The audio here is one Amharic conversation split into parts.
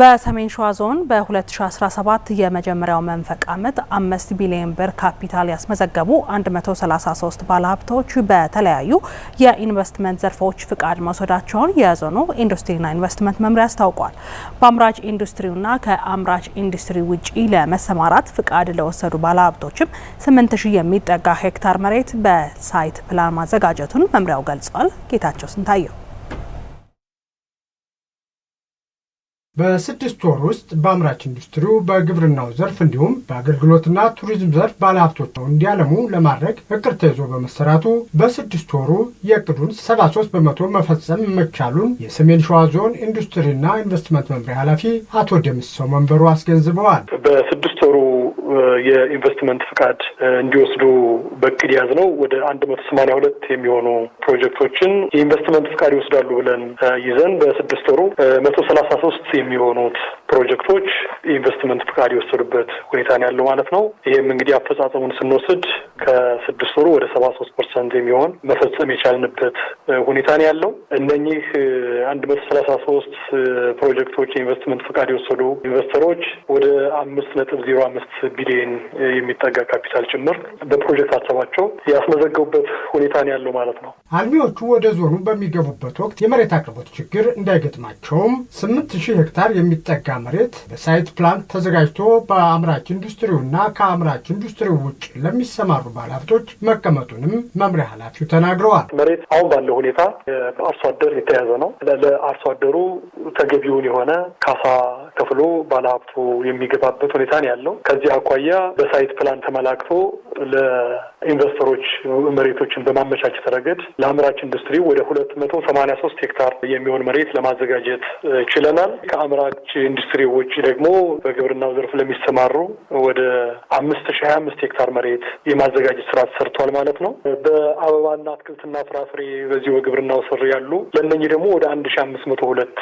በሰሜን ሸዋ ዞን በ2017 የመጀመሪያው መንፈቅ ዓመት አምስት ቢሊዮን ብር ካፒታል ያስመዘገቡ 133 ባለሀብቶች በተለያዩ የኢንቨስትመንት ዘርፎች ፍቃድ መውሰዳቸውን የዞኑ ኢንዱስትሪና ኢንቨስትመንት መምሪያ አስታውቋል። በአምራች ኢንዱስትሪውና ከአምራች ኢንዱስትሪ ውጪ ለመሰማራት ፍቃድ ለወሰዱ ባለሀብቶችም 8000 የሚጠጋ ሄክታር መሬት በሳይት ፕላን ማዘጋጀቱን መምሪያው ገልጿል። ጌታቸው ስንታየው በስድስት ወር ውስጥ በአምራች ኢንዱስትሪው በግብርናው ዘርፍ እንዲሁም በአገልግሎትና ቱሪዝም ዘርፍ ባለሀብቶች እንዲያለሙ ለማድረግ እቅድ ተይዞ በመሰራቱ በስድስት ወሩ የእቅዱን 73 በመቶ መፈጸም መቻሉን የሰሜን ሸዋ ዞን ኢንዱስትሪና ኢንቨስትመንት መምሪያ ኃላፊ አቶ ደምሰው መንበሩ አስገንዝበዋል። በስድስት ወሩ የኢንቨስትመንት ፍቃድ እንዲወስዱ በእቅድ ያዝ ነው ወደ አንድ መቶ ሰማንያ ሁለት የሚሆኑ ፕሮጀክቶችን የኢንቨስትመንት ፍቃድ ይወስዳሉ ብለን ይዘን በስድስት ወሩ መቶ ሰላሳ ሶስት የሚሆኑት ፕሮጀክቶች ኢንቨስትመንት ፍቃድ የወሰዱበት ሁኔታ ነው ያለው ማለት ነው። ይህም እንግዲህ አፈጻጸሙን ስንወስድ ከስድስት ወሩ ወደ ሰባ ሶስት ፐርሰንት የሚሆን መፈጸም የቻልንበት ሁኔታ ነው ያለው። እነኚህ አንድ መቶ ሰላሳ ሶስት ፕሮጀክቶች የኢንቨስትመንት ፍቃድ የወሰዱ ኢንቨስተሮች ወደ አምስት ነጥብ ዜሮ አምስት ቢሊዮን የሚጠጋ ካፒታል ጭምር በፕሮጀክት አሰባቸው ያስመዘገቡበት ሁኔታ ነው ያለው ማለት ነው። አልሚዎቹ ወደ ዞኑ በሚገቡበት ወቅት የመሬት አቅርቦት ችግር እንዳይገጥማቸውም ስምንት ሺህ ሄክታር የሚጠጋ መሬት በሳይት ፕላን ተዘጋጅቶ በአምራች ኢንዱስትሪውና ከአምራች ኢንዱስትሪው ውጭ ለሚሰማሩ ባለሀብቶች መቀመጡንም መምሪያ ኃላፊው ተናግረዋል። መሬት አሁን ባለው ሁኔታ በአርሶ አደር የተያዘ ነው። ለአርሶ አደሩ ተገቢውን የሆነ ካሳ ከፍሎ ባለሀብቱ የሚገባበት ሁኔታ ነው ያለው። ከዚህ አኳያ በሳይት ፕላን ተመላክቶ ለኢንቨስተሮች መሬቶችን በማመቻቸት ረገድ ለአምራች ኢንዱስትሪ ወደ ሁለት መቶ ሰማኒያ ሶስት ሄክታር የሚሆን መሬት ለማዘጋጀት ችለናል። ከአምራች ኢንዱስትሪ ውጭ ደግሞ በግብርናው ዘርፍ ለሚሰማሩ ወደ አምስት ሺ ሀያ አምስት ሄክታር መሬት የማዘጋጀት ስራ ተሰርቷል ማለት ነው። በአበባና አትክልትና ፍራፍሬ በዚሁ በግብርናው ስር ያሉ ለእነኚህ ደግሞ ወደ አንድ ሺ አምስት መቶ ሁለት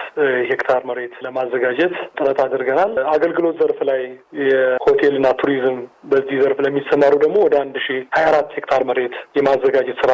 ሄክታር መሬት ለማዘጋጀት ጥረት አድርገናል። አገልግሎት ዘርፍ ላይ የሆቴልና ቱሪዝም በዚህ ዘርፍ ለሚሰማሩ ደግሞ ወደ አንድ ሺ ሀያ አራት ሄክታር መሬት የማዘጋጀት ስራ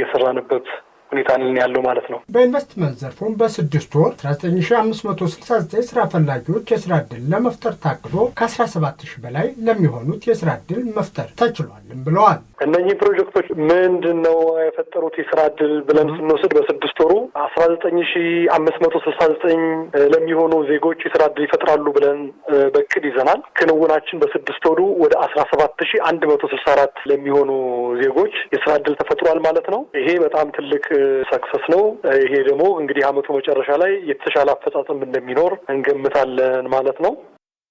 የሰራንበት ሁኔታ ያለው ማለት ነው። በኢንቨስትመንት ዘርፉም በስድስት ወር 19569 ስራ ፈላጊዎች የስራ እድል ለመፍጠር ታቅዶ ከ17000 በላይ ለሚሆኑት የስራ እድል መፍጠር ተችሏልም ብለዋል። እነኚህ ፕሮጀክቶች ምንድን ነው የፈጠሩት የስራ እድል ብለን ስንወስድ በስድስት ወሩ 19569 ለሚሆኑ ዜጎች የስራ እድል ይፈጥራሉ ብለን በቅድ ይዘናል። ክንውናችን በስድስት ወሩ ወደ 17164 ለሚሆኑ ዜጎች የስራ እድል ተፈጥሯል ማለት ነው። ይሄ በጣም ትልቅ ሰክሰስ ነው። ይሄ ደግሞ እንግዲህ አመቱ መጨረሻ ላይ የተሻለ አፈጻጸም እንደሚኖር እንገምታለን ማለት ነው።